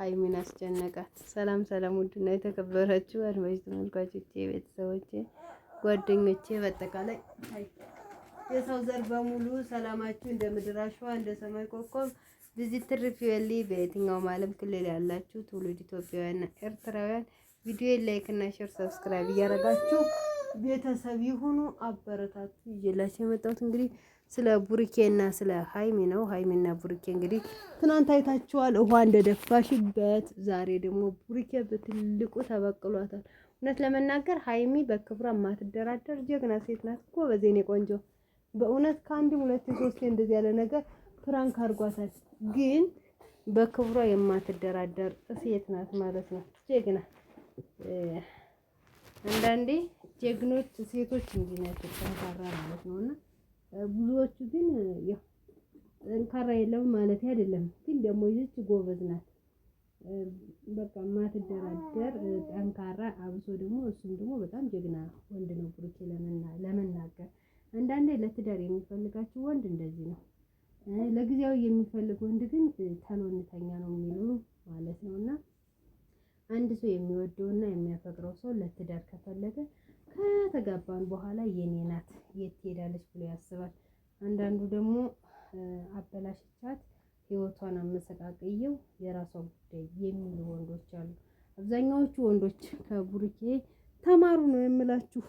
ሀይሚን አስጨነቃት። ሰላም ሰላም፣ ውድና የተከበራችሁ አድማጭ ተመልካቾቼ፣ ቤተሰቦቼ፣ ጓደኞቼ በአጠቃላይ የሰው ዘር በሙሉ ሰላማችሁ እንደ ምድር አሸዋ እንደ ሰማይ ኮከብ ቪዚት ትርፍ ይበል። በየትኛውም ዓለም ክልል ያላችሁ ትውልድ ኢትዮጵያውያንና ኤርትራውያን ቪዲዮ ላይክ እና ሼር ሰብስክራይብ እያደረጋችሁ ቤተሰብ ይሁኑ አበረታቱ። ይዤላችሁ የመጣሁት እንግዲህ ስለ ቡርኬና ስለ ሀይሚ ነው። ሀይሚና ቡርኬ እንግዲህ ትናንት አይታችኋል፣ ውሃ እንደደፋሽበት። ዛሬ ደግሞ ቡርኬ በትልቁ ተበቅሏታል። እውነት ለመናገር ሀይሚ በክብሯ የማትደራደር ጀግና ሴት ናት እኮ በዜኔ ቆንጆ። በእውነት ከአንድም ሁለት ሶስቴ እንደዚህ ያለ ነገር ፕራንክ አድርጓታል፣ ግን በክብሯ የማትደራደር ሴት ናት ማለት ነው። ጀግና አንዳንዴ ጀግኖች ሴቶች እንዲህ ናቸው፣ ጠንካራ ማለት ነው። እና ብዙዎቹ ግን ያው ጠንካራ የለም ማለት አይደለም፣ ግን ደግሞ ይህች ጎበዝ ናት። በቃ ማትደራደር ጠንካራ፣ አብሶ ደግሞ እሱም ደግሞ በጣም ጀግና ወንድ ነው። ብሩኬ ለመናገር አንዳንዴ ለትዳር የሚፈልጋችሁ ወንድ እንደዚህ ነው። ለጊዜያዊ የሚፈልግ ወንድ ግን ተሎንተኛ ነው የሚሉ አንድ ሰው የሚወደውና የሚያፈቅረው ሰው ለትዳር ከፈለገ ከተጋባን በኋላ የኔ ናት የት ትሄዳለች ብሎ ያስባል። አንዳንዱ ደግሞ አበላሽቻት ህይወቷን አመሰቃቅየው የራሷ ጉዳይ የሚሉ ወንዶች አሉ። አብዛኛዎቹ ወንዶች ከቡርኬ ተማሩ ነው የምላችሁ።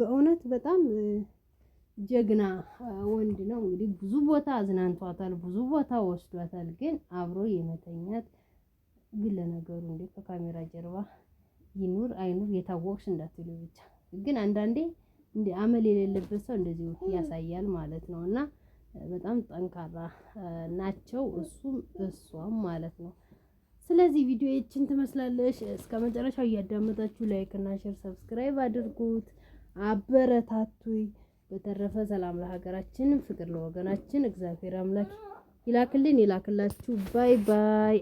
በእውነት በጣም ጀግና ወንድ ነው። እንግዲህ ብዙ ቦታ አዝናንቷታል፣ ብዙ ቦታ ወስዷታል። ግን አብሮ የመተኛት ግን ለነገሩ እንዴ ከካሜራ ጀርባ ይኑር አይኑር የታወቅሽ እንዳትሉ ብቻ። ግን አንዳንዴ እንደ አመል የሌለበት ሰው እንደዚሁ ያሳያል ማለት ነው። እና በጣም ጠንካራ ናቸው እሱም እሷም ማለት ነው። ስለዚህ ቪዲዮችን ትመስላለች። እስከ መጨረሻው እያዳመጣችሁ ላይክ እና ሼር ሰብስክራይብ አድርጉት፣ አበረታቱኝ። በተረፈ ሰላም ለሀገራችን፣ ፍቅር ለወገናችን እግዚአብሔር አምላክ ይላክልን ይላክላችሁ። ባይ ባይ።